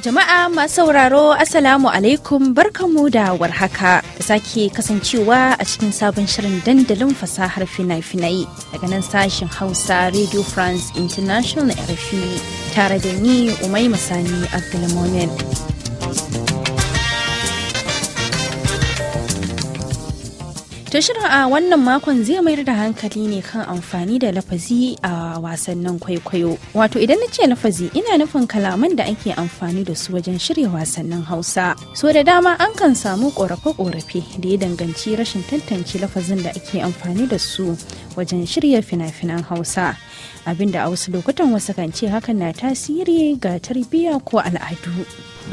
Jama'a masu sauraro Assalamu alaikum barkamu da warhaka da sake kasancewa a cikin sabon shirin dandalin fasahar fina finai daga nan sashen Hausa Radio France International RFI tare da ni Umai Masani Abdulmomen. ta shirin a wannan makon zai mayar da hankali ne kan amfani da lafazi a wasannin kwaikwayo wato idan na ce lafazi ina nufin kalaman da ake amfani da su wajen shirya wasannin hausa so da dama an kan samu korafe-korafe da ya danganci rashin tantance lafazin da ake amfani da su wajen shirya fina-finan hausa abinda a wasu lokutan wasu kan ce hakan na tasiri ga tarbiyya ko al'adu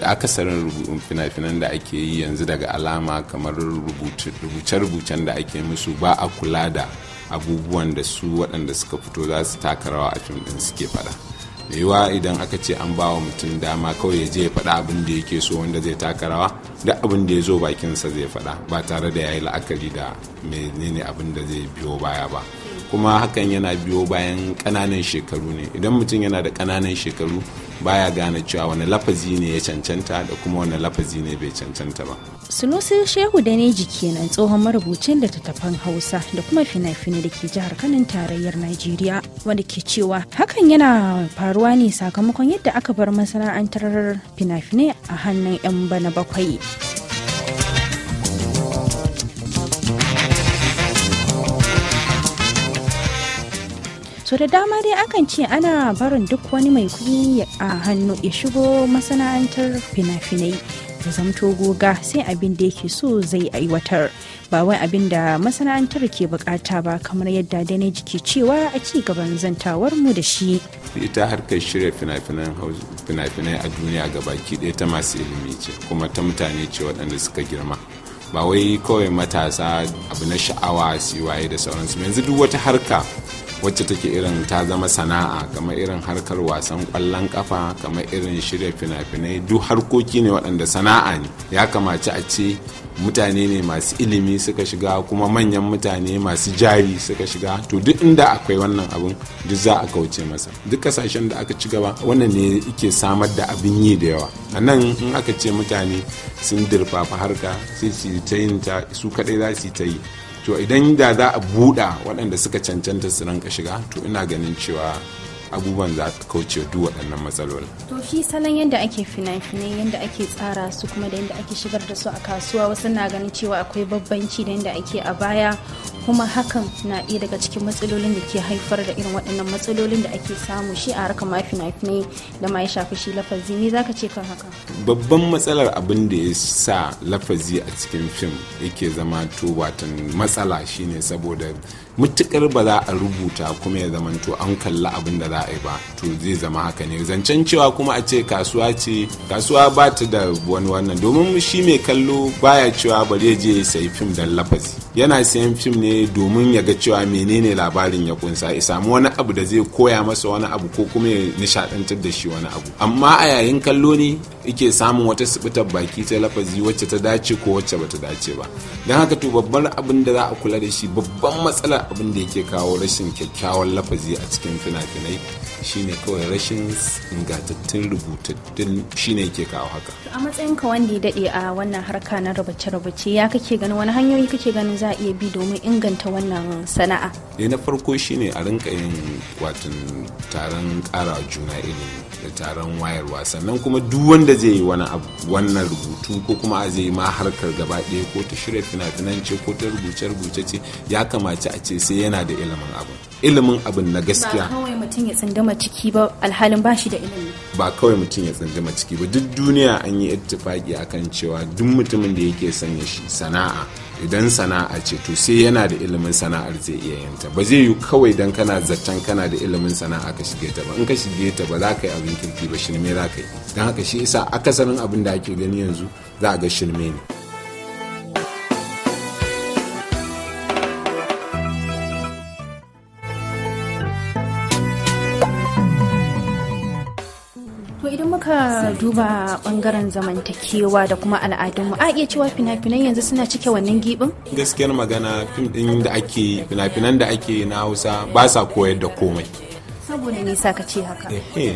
akasarin fina-finan da ake yi yanzu daga alama kamar rubuce-rubucen da ake musu ba a kula da abubuwan da su waɗanda suka fito za su taka rawa a fim ɗin suke faɗa yiwa idan aka ce an ba wa mutum dama kawai ya je ya faɗa abin da yake so wanda zai takarawa da duk abin da ya zo bakinsa zai faɗa ba tare da ya yi la'akari da menene abin da zai biyo baya ba kuma hakan yana biyo bayan ƙananan shekaru ne idan mutum yana da ƙananan shekaru baya gane cewa wani lafazi ne ya cancanta da kuma wani lafazi ne bai cancanta ba. Sunusi Shehu da Neji kenan tsohon marubucin da tattafan Hausa da kuma fina-finai da ke jihar Kanin tarayyar Najeriya wanda ke cewa hakan yana faruwa ne sakamakon yadda aka bar masana'antar fina-finai a hannun 'yan bana bakwai. so da dama dai akan ce ana barin duk wani mai kuɗi a hannu ya shigo masana'antar fina-finai ya zamto goga sai abin da yake so zai aiwatar ba wai abin da masana'antar ke bukata ba kamar yadda da na jiki cewa a ci gaban zantawar mu da shi ita harkar shirya fina-finai a duniya ga baki ɗaya ta masu ilimi ce kuma ta mutane ce waɗanda suka girma ba wai kawai matasa abu na sha'awa su waye da sauransu yanzu duk wata harka wacce take irin ta zama sana'a kamar irin harkar wasan kwallon kafa kamar irin shirya fina-finai duk harkoki ne waɗanda sana'a ne ya kamaci a ce mutane ne masu ilimi suka shiga kuma manyan mutane masu jari suka shiga to duk inda akwai wannan abin duk za a kauce masa duk kasashen da aka ci gaba wannan ne ke samar da abin yi da yawa a nan in aka ce mutane sun dirfafa harka sai su ta yin ta su kaɗai za su ta yi to idan da za a buɗa waɗanda suka cancanta su ranka shiga to ina ganin cewa abubuwan za ta kauce duk waɗannan matsaloli. To shi salon yadda ake fina-finai yadda ake tsara su kuma da yadda ake shigar da su a kasuwa wasu na ganin cewa akwai babbanci da yadda ake a baya kuma hakan na ɗaya daga cikin matsalolin da ke haifar da irin waɗannan matsalolin da ake samu shi a harkar ma fina-finai da ma ya shafi shi lafazi ne zaka ce kan haka. Babban matsalar abin da ya sa lafazi a cikin fim yake zama to watan matsala shine saboda mutukar ba za a rubuta kuma ya zamanto an kalli abin da za ba to zai zama haka ne zancen cewa kuma a ce kasuwa ce kasuwa ba ta da wani wannan domin shi mai kallo baya cewa bari je ya sayi fim dan lafazi yana sayan fim ne domin ya ga cewa menene labarin ya kunsa ya samu wani abu da zai koya masa wani abu ko kuma ya nishadantar da shi wani abu amma a yayin kallo ne yake samun wata sibitar baki ta lafazi wacce ta dace ko wacce bata dace ba don haka to babban abin da za a kula da shi babban matsalar abin da yake kawo rashin kyakkyawan lafazi a cikin fina-finai shine kawai rashin ingantattun rubutattun shine yake kawo haka a matsayin ka wanda ya dade a wannan harka na rubuce-rubuce ya kake ganin wani hanyoyi kake gani za a iya bi domin inganta wannan sana'a ya eh, na farko shine a rinka yin watan taron kara juna ilimi da taron wayarwa sannan kuma duk wanda zai yi wani abu wannan rubutu ko kuma a zai ma harkar gaba ɗaya ko ta shirya fina-finan ce ko ta rubuce-rubuce ce ya kamace a ce sai yana da ilimin abin ilimin abin na gaskiya ba kawai mutum ya tsindama ciki ba alhalin ba shi da ilimi ba kawai mutum ya tsindama ciki ba duk duniya an yi ittifaki akan cewa duk mutumin da yake sanya shi sana'a idan sana'a ce to sai yana da ilimin sana'ar zai iya yanta ba zai yi kawai dan kana zaton kana da ilimin sana'a ka shige ta ba in ka shige ta ba za ka yi abin kirki ba shirme za ka yi don haka shi isa akasarin abin da ake gani yanzu za a ga shirme ne duba bangaren zamantakewa da kuma al'adunmu a iya cewa fina-finan yanzu suna cike wannan gibin gaskiyar magana fim din da ake fina-finan da ake na hausa ba sa koyar da komai saboda nisa ka ce haka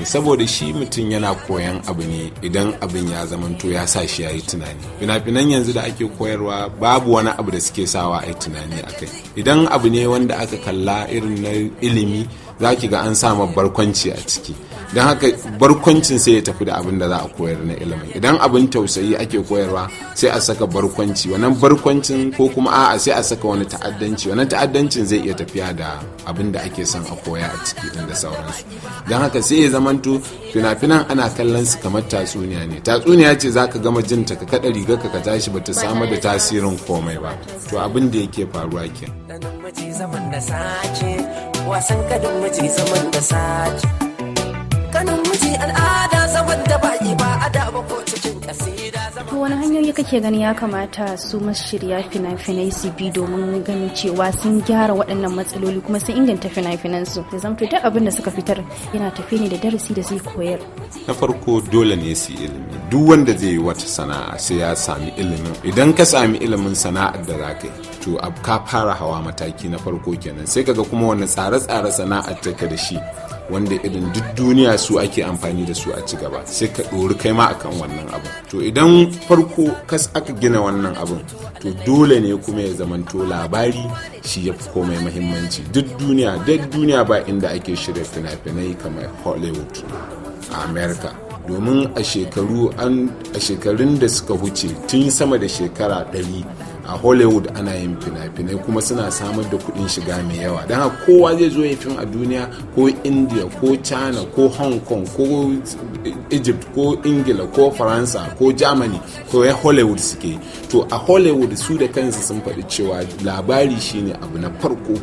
saboda shi mutum yana koyan abu ne idan abin ya zamanto ya sa shi ya yi tunani fina-finan yanzu da ake koyarwa babu wani abu da suke sawa a yi tunani a kai idan abu ne wanda aka kalla irin na ilimi za ki ga an sama barkwanci a ciki don haka barkwancin sai ya tafi da abin da za a koyar na ilimin idan abin tausayi ake koyarwa sai a saka barkwanci wannan barkwancin ko kuma a'a sai a saka wani ta'addanci wannan ta'addancin zai iya tafiya da abin da ake son a koya a ciki din da sauransu don haka sai ya zamanto fina-finan ana kallon su kamar tatsuniya ne tatsuniya ce zaka gama jin ta ka kada riga ka ka tashi ta samar da tasirin komai ba to abin da yake faruwa ke wasan kadin miji zaman da sace kanin miji al'ada zaman da baki ba da ba ko cikin kasida zaman wani hanyoyi kake gani ya kamata su masu fina-finai su bi domin ganin cewa sun gyara waɗannan matsaloli kuma sun inganta fina-finan da zamto duk abin da suka fitar yana tafi ne da darasi da zai koyar na farko dole ne su ilimi duk wanda zai yi wata sana'a sai ya sami ilimin idan ka sami ilimin sana'ar da za ka yi to a ka fara hawa mataki na farko kenan sai kaga kuma wani tsare-tsare sana'ar ka da shi wanda irin duk duniya su ake amfani da su a ci gaba sai ka ɗori kai ma akan wannan abin to idan farko kas aka gina wannan abin to dole ne kuma ya zamanto labari shi ya fi komai mahimmanci duk duniya duk duniya ba inda ake shirya fina-finai kamar hollywood a america domin a shekaru a shekarun da suka huce tun sama da shekara ɗari a hollywood ana yin fina-finai kuma suna samar da kudin shiga mai yawa don haka kowa zai zo yin fim a duniya ko india ko china ko hong kong ko egypt ko ingila ko faransa ko germany ko ya hollywood suke to a hollywood su da kansu sun faɗi cewa labari shine abu na farko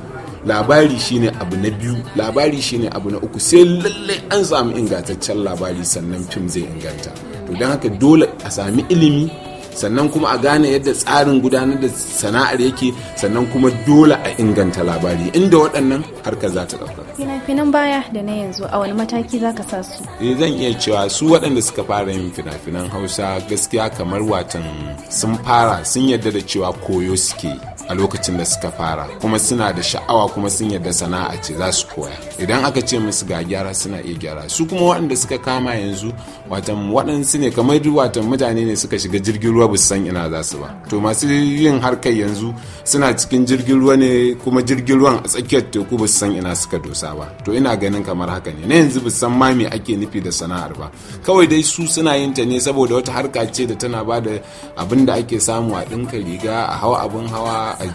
labari shine abu na biyu labari shine abu na uku sai lallai an samu ingantaccen labari sannan fim zai inganta to don haka dole a sami ilimi sannan kuma a gane yadda tsarin gudanar da sana'ar yake sannan kuma dole a inganta labari inda waɗannan harkar za ta ɗauka. fina baya da na yanzu a wani mataki za ka sa su eh zan iya cewa su waɗanda suka fara yin finafinan hausa gaskiya kamar watan sun fara sun yadda da cewa koyo suke a lokacin da suka fara kuma suna da sha'awa kuma sun yadda sana'a ce za su koya idan aka ce musu ga gyara suna iya gyara su kuma waɗanda suka kama yanzu watan waɗansu ne kamar watan mutane ne suka shiga jirgin ruwa ba su san ina za su ba to masu yin harkar yanzu suna cikin jirgin ruwa ne kuma jirgin ruwan a tsakiyar teku ba su san ina suka dosa ba to ina ganin kamar haka ne na yanzu ba san ma me ake nufi da sana'ar ba kawai dai su suna yin ta ne saboda wata harka ce da tana ba da abin da ake samu a ɗinka riga a hawa abin hawa a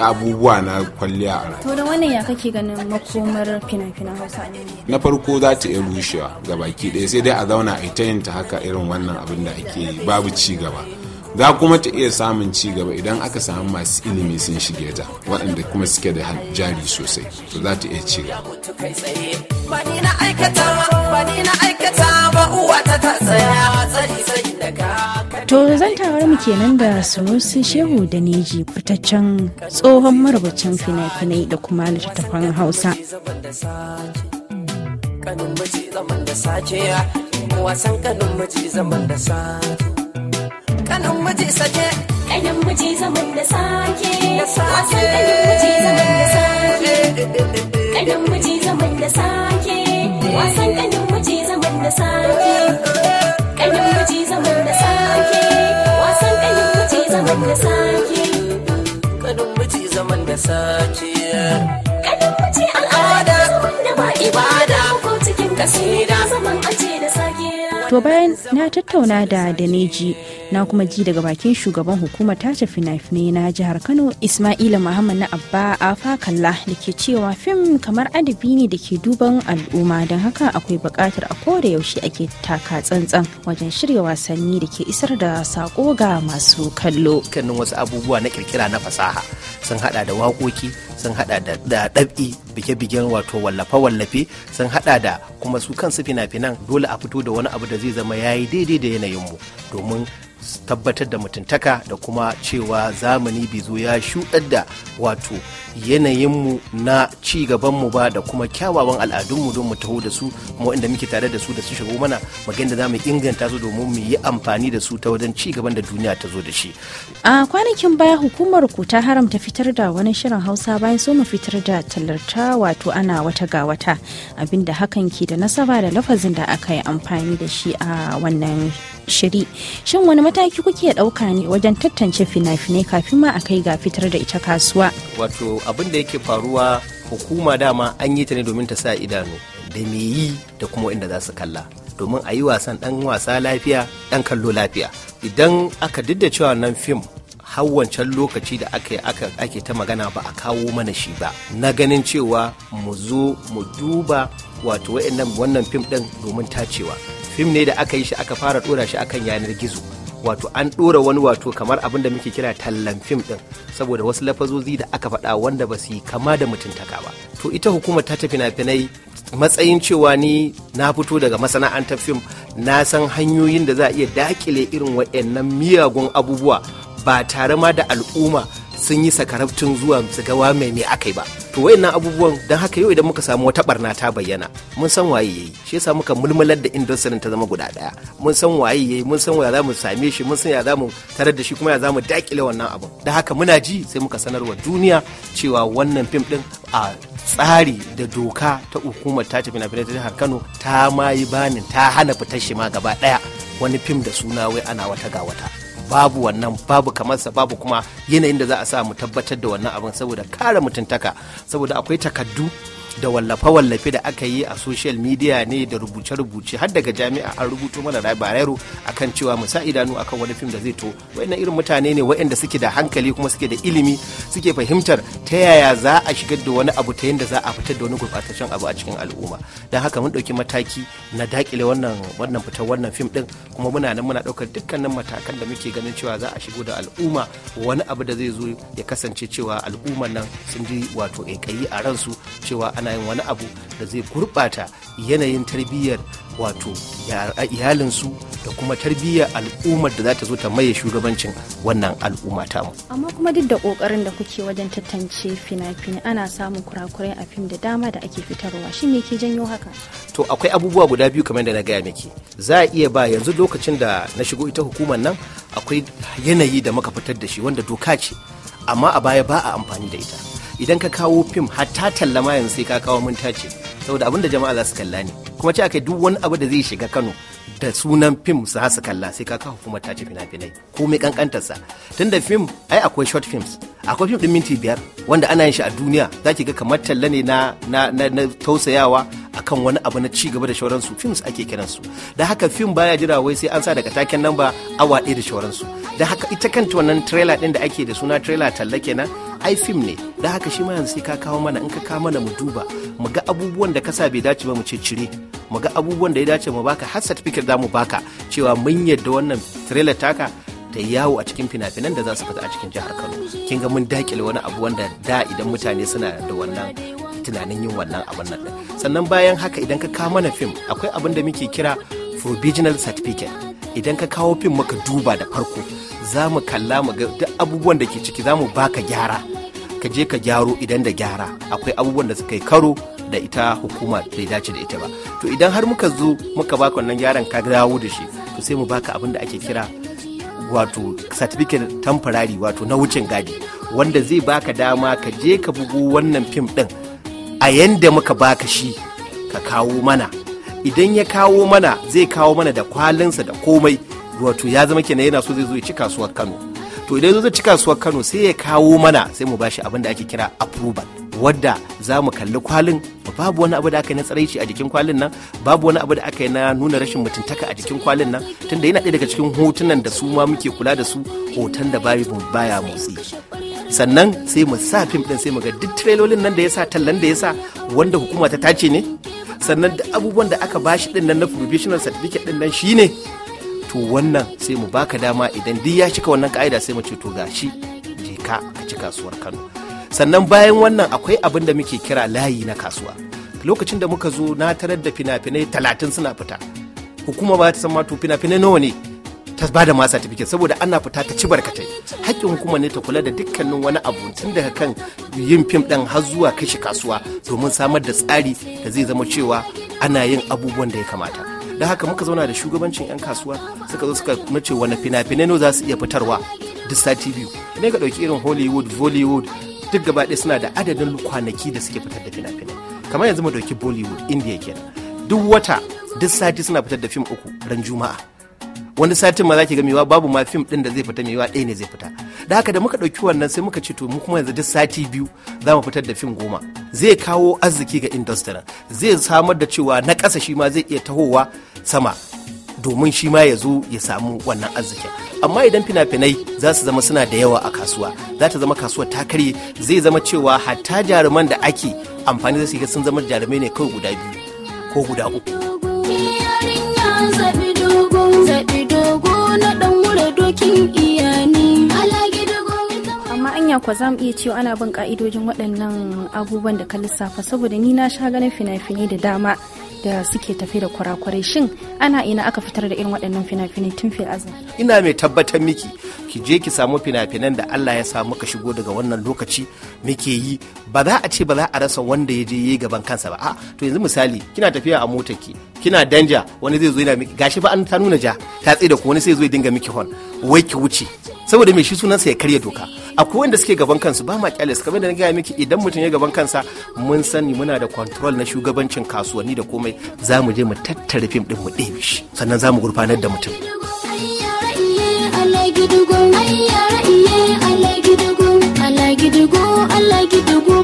abubuwa na kwalliya a to da wannan ya kake ganin makomar fina-finan hausa ne na farko za ta iya rushewa ga baki ɗaya sai dai a zauna a ta yin ta haka irin wannan abin da ake yi babu ci gaba za kuma ta iya samun ci gaba idan aka samu masu ilimi sun shige ta waɗanda kuma suke da jari sosai to za ta iya ci gaba To zan tawar mu kenan da Sunusi Shehu da Neji fitaccen tsohon marubucin fina-finai da kuma littattafan Hausa. Kanin maji zaman da sace ya, wasan kanin miji zaman da sa. Kanin miji sake Kanin miji zaman da sake. Wasan kanin miji zaman da sake. Kanin miji zaman da sake. Wasan kanin miji zaman da sake. Kanin miji zaman da sake. Wasan kanin miji zaman da sake. Kanin miji zaman da sake. Kanin miji al'ada. wanda ba ibada. Ko cikin kasida. to bayan na tattauna da daneji na kuma ji daga bakin shugaban hukumar tace fina-finai na jihar kano ismaila muhammad na abba afa kalla da ke cewa fim kamar adabi ne da ke duban al'umma don haka akwai bukatar a koda yaushe ake taka tsantsan wajen shirya wasanni da ke isar da sako ga masu kallo dukkanin wasu abubuwa na kirkira na fasaha sun hada da waƙoƙi sun hada da da dab'i bige-bigen wato wallafe-wallafe sun hada da kuma su kansu fina-finan dole a fito da wani abu da zai zama yayi daidai da yanayinmu domin tabbatar da mutuntaka da kuma cewa zamani bizo ya shuɗar da wato yanayinmu na ci gabanmu ba da kuma kyawawan al'adunmu don mu taho da su kuma inda muke tare da su da su shigo mana magan da za mu inganta su domin mu yi amfani da su ta wajen ci gaban da duniya ta zo da shi. a kwanakin baya hukumar ku ta haramta fitar da wani shirin hausa bayan so mu fitar da tallarta wato ana wata ga wata abinda hakan ke da nasaba da lafazin da aka yi amfani da shi a wannan shiri shin wani mataki kuke ɗauka ne wajen tattance fina-finai kafin ma a kai ga fitar da ita kasuwa wato abin da yake faruwa hukuma dama an yi ta ne domin ta sa idanu da me yi da kuma inda za su kalla domin a yi wasan dan wasa lafiya dan kallo lafiya idan aka didda cewa nan fim har wancan lokaci da aka ake ta magana ba a kawo mana shi ba na ganin cewa mu zo mu duba wato wa'annan wannan fim ɗin domin tacewa fim ne da aka yi shi aka fara ɗora shi akan yanar gizo wato an ɗora wani wato kamar abin da muke kira tallan fim ɗin saboda wasu lafazozi da aka faɗa wanda ba su yi kama da mutuntaka ba to ita hukumar ta tafi finai matsayin cewa ni na fito daga masana'antar fim na san hanyoyin da za a iya dakile irin waɗannan miyagun abubuwa ba tare ma da al'umma sun yi sakarabcin zuwa su ga mai me akai ba to wayannan abubuwan don haka yau idan muka samu wata barna ta bayyana mun san waye yayi shi yasa muka mulmular da industry ta zama guda ɗaya mun san waye yayi mun san ya zamu same shi mun san ya zamu tarar da shi kuma ya zamu dakile wannan abu da haka muna ji sai muka sanar wa duniya cewa wannan fim din a tsari da doka ta hukumar tace fina-finai ta jihar Kano ta mayi banin ta hana fitar shi ma gaba ɗaya wani fim da suna wai ana wata ga wata babu wannan babu kamarsa babu kuma yanayin da za a sa mu tabbatar da wannan abin saboda kare mutuntaka saboda akwai takaddu da wallafe-wallafe da aka yi a social media ne da rubuce-rubuce har daga jami'a an rubuto mana labarairu akan cewa musa sa idanu akan wani fim da zai to wayannan irin mutane ne wayanda suke da hankali kuma suke da ilimi suke fahimtar ta yaya za a shigar da wani abu ta yanda za a fitar da wani gurbataccen abu a cikin al'umma don haka mun ɗauki mataki na dakile wannan wannan fitar wannan fim din kuma muna nan muna ɗaukar dukkanin matakan da muke ganin cewa za a shigo da al'umma wani abu da zai zo ya kasance cewa al'umman nan sun ji wato ƙaiƙayi a ransu cewa ana yin wani abu da zai gurɓata yanayin tarbiyyar wato iyalinsu da kuma tarbiyyar al'ummar da za ta zo ta maye shugabancin wannan al'umma tamu. Amma kuma duk da kokarin da kuke wajen tantance fina-finai ana samun kurakurai a fim da dama da ake fitarwa shi me ke janyo haka? To akwai abubuwa guda biyu kamar da na gaya miki. Za a iya ba yanzu lokacin da na shigo ita hukumar nan akwai yanayi da muka fitar da shi wanda doka ce amma a baya ba a amfani da ita. idan ka kawo fim hatta talla ma yanzu sai ka kawo mun tace saboda abin da jama'a za su kalla ne kuma ce aka duk wani abu da zai shiga Kano da sunan fim su hasu kalla sai ka kawo kuma tace fina-finai ko mai kankantarsa tunda fim ai akwai short films akwai fim din minti biyar wanda ana yin shi a duniya za ki ga kamar talla ne na na na tausayawa akan wani abu na ci gaba da shauransu films ake kiransu da haka fim baya jira wai sai an sa daga taken nan ba awa ɗaya da shauransu da haka ita kanta wannan trailer din da ake da suna trailer talla kenan ai ne da haka shi ma yanzu sai ka kawo mana in ka kawo mana mu duba mu ga abubuwan da kasa bai dace ba mu ce cire mu ga abubuwan da ya dace mu baka har certificate za mu baka cewa mun yadda wannan trailer taka ta yawo a cikin fina-finan da za su fita a cikin jihar Kano kin ga mun dakile wani abu wanda da idan mutane suna da wannan tunanin yin wannan abun nan sannan bayan haka idan ka kawo mana fim akwai abin da muke kira provisional certificate idan ka kawo fim muka duba da farko za mu kalla mu ga duk abubuwan da ke ciki za mu baka gyara ka je ka gyaro idan da gyara akwai abubuwan da suka yi karo da ita hukuma bai dace da ita ba to idan har muka zo muka baka wannan gyaran ka dawo da shi to sai mu baka abin da ake kira wato certificate temporary wato na wucin gadi wanda zai baka dama ka je ka bugu wannan fim din a yanda muka baka shi ka kawo mana idan ya kawo mana zai kawo mana da kwalinsa da komai wato ya zama kenan yana so zai zo ya ci kasuwar kano to idan zai ci kasuwar kano sai ya kawo mana sai mu bashi abin da ake kira approval wadda za mu kalli kwalin babu wani abu da aka yi na tsaraici a jikin kwalin nan babu wani abu da aka yi na nuna rashin mutuntaka a jikin kwalin nan tunda yana ɗaya daga cikin hotunan da su ma muke kula da su hoton da ba baya motsi sannan sai mu sa fim din sai mu ga duk trailolin nan da ya sa tallan da ya sa wanda hukuma ta tace ne sannan da abubuwan da aka bashi ɗin nan na provisional certificate ɗin nan shine to wannan sai mu baka dama idan duk ya cika wannan ka'ida sai mu ce to gashi je ka a ci kasuwar Kano sannan bayan wannan akwai abin da muke kira layi na kasuwa lokacin da muka zo na tarar da fina-finai talatin suna fita hukuma ba ta san to fina-finai nawa ne ta ba da masa tafiye saboda ana fita ta ci barkatai Haƙƙin hukuma ne ta kula da dukkanin wani abu tun daga kan yin fim ɗin har zuwa kashe kasuwa domin samar da tsari da zai zama cewa ana yin abubuwan da ya kamata da haka muka zauna da shugabancin 'yan kasuwa suka zo suka mace wani fina-finai no za su iya fitarwa duk sati biyu ne ga ɗauki irin hollywood bollywood duk gaba ɗaya suna da adadin kwanaki da suke fitar da fina-finai kamar yanzu mu ɗauki bollywood india kenan duk wata duk sati suna fitar da fim uku ran juma'a wani satin ma za ki ga mewa babu ma fim din da zai fita mewa ɗaya ne zai fita da haka da muka ɗauki wannan sai muka ce to mu kuma yanzu duk sati biyu za mu fitar da fim goma zai kawo arziki ga industry zai samar da cewa na ƙasa shi ma zai iya tahowa sama domin shi ma ya zo ya samu wannan arzikin amma idan fina-finai za su zama suna da yawa a kasuwa za ta zama kasuwar ta karye zai zama cewa hatta jaruman da ake amfani da su sun zama jarumai ne kawai guda biyu ko guda uku na dan wura dokin iyani amma anya kwa za mu iya cewa ana bin ka'idojin waɗannan abubuwan da ka lissafa saboda ni na sha ganin fina-finai da dama da suke tafi da kurakurai shin ana ina aka fitar da irin waɗannan fina-finai tun fil ina mai tabbatar miki ki je ki samu fina-finan da Allah ya samu ka shigo daga wannan lokaci muke yi ba za a ce ba za a rasa wanda ya je yi gaban kansa ba a to yanzu misali kina tafiya a motar ki kina danja wani zai zo yana miki gashi ba an ta nuna ja ta tsaye da ku wani sai zo ya dinga miki hon wai ki wuce saboda mai shi sunansa ya karya doka akwai wanda suke gaban kansu ba ma kyales kamar da na gaya miki idan mutum ya gaban kansa mun sani muna da control na shugabancin kasuwanni da komai za mu je mu tattara fim din mu ɗebe shi sannan za mu gurfanar da mutum Allah gidugo, Allah gidugo, Allah gidugo, Allah gidugo,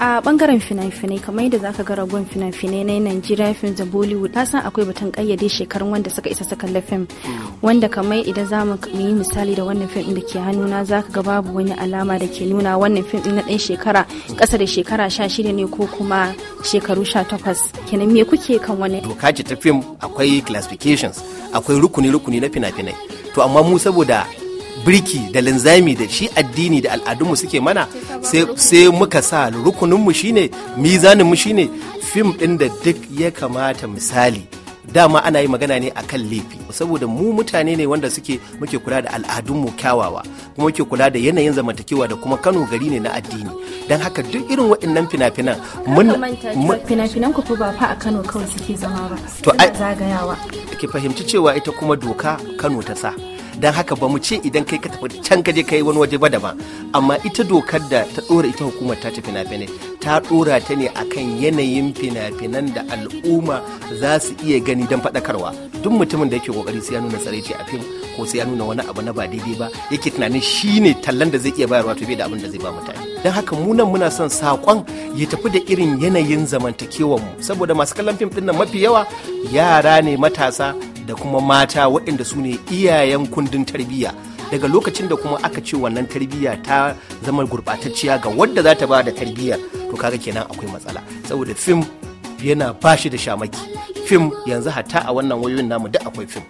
a bangaren fina-finai kamar yadda zaka ga ragon fina-finai na Nigeria fim da Bollywood ta san akwai batun kayyade shekarun wanda suka isa saka fim mm. wanda kamar idan za mu yi misali da wannan fim da ke hannuna zaka ga babu wani alama da ke nuna wannan fim na ɗan shekara kasa da shekara 16 ne ko kuma shekaru 18 kenan me kuke kan wani doka ce ta fim akwai classifications akwai rukuni rukuni na fina-finai to amma mu saboda birki da linzami da shi addini da al'adunmu suke mana sai muka sa rukuninmu shine mizaninmu shine fim ɗin da duk ya kamata misali dama ana yi magana ne akan laifi saboda mu mutane ne wanda suke muke kula da al'adunmu kyawawa kuma muke kula da yanayin zamantakewa da kuma Kano gari ne na addini don haka duk irin waɗannan fina-finan mun fina-finan ku ba fa a Kano kawai suke zama ba to zagayawa ki fahimci cewa ita kuma doka Kano ta sa don haka ba mu ce idan kai ka tafi can ka je wani waje ba daban amma ita dokar da ta ɗora ita hukumar ta tafi na fene ta ɗora ta ne akan yanayin fina-finan da al'umma za su iya gani don faɗakarwa duk mutumin da yake kokari sai ya nuna tsaraici a fim ko sai ya nuna wani abu na ba daidai ba yake tunanin shi ne tallan da zai iya bayarwa to bai da abin da zai ba mutane don haka mu nan muna son saƙon ya tafi da irin yanayin zamantakewar mu saboda masu kallon fim ɗin nan mafi yawa yara ne matasa da kuma mata waɗanda su ne iyayen kundin tarbiyya daga lokacin da kuma aka ce wannan tarbiyya ta zama gurɓatacciya ga wadda za ta ba da tarbiyyar to kaga kenan akwai matsala saboda fim yana bashi da shamaki fim yanzu hatta a wannan wayoyin namu duk akwai fim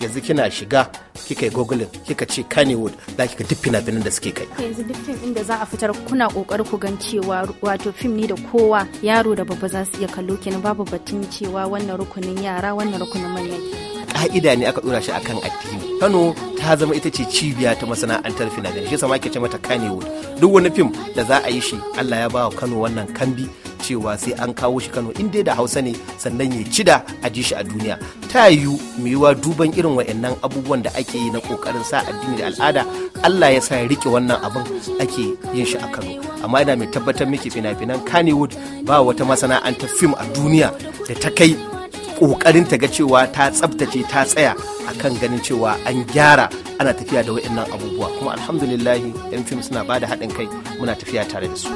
yanzu kina shiga kika yi googling kika ce kannywood za kika duk fina-finan da suke kai yanzu duk fim inda za a fitar kuna kokari ku gan cewa wato fim ne da kowa yaro da babba za su iya kallo kenan babu batun cewa wannan rukunin yara wannan rukunin manyan ka'ida ne aka dora shi akan addini kano ta zama ita ce cibiya ta masana'antar fina-finai shi sama ke ce mata kanewood duk wani fim da za a yi shi allah ya bawa kano wannan kambi cewa sai an kawo shi kano in dai da hausa ne sannan ya da a ji shi a duniya ta yiwu mu yiwa duban irin wa'annan abubuwan da ake yi na kokarin sa addini da al'ada allah ya sa ya rike wannan abun ake yin shi a kano amma ina mai tabbatar miki fina-finan kanewood ba wata masana'antar fim a duniya da ta kai ƙoƙarin ta ga cewa ta tsabtace ta tsaya a kan ganin cewa an gyara ana tafiya da wa'annan abubuwa kuma alhamdulillah yan fim suna ba da haɗin kai muna tafiya tare da su.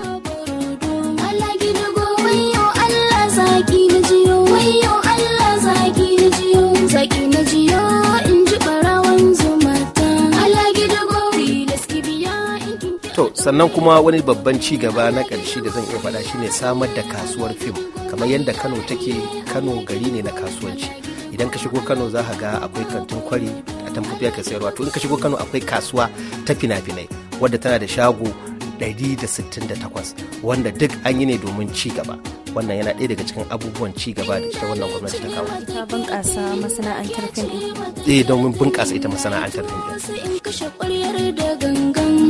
To sannan kuma wani babban ci gaba na ƙarshe da zan iya faɗa shine samar da kasuwar fim kamar yadda Kano take Kano gari ne na kasuwanci idan ka shigo Kano za ka ga akwai kantin kwari a tamfafiya ka sayarwa to in ka shigo Kano akwai kasuwa ta fina-finai wadda tana da shago 168 wanda duk an yi ne domin ci gaba wannan yana ɗaya daga cikin abubuwan ci gaba da ita wannan gwamnati ta kawo. Ta bunƙasa masana'antar fim ɗin. Eh domin bunƙasa ita masana'antar fim ɗin.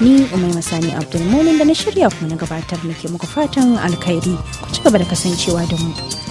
ni umai masani abdulmomin da na shirya kuma na gabatar nake muku fatan alkhairi ku ci gaba da kasancewa da mu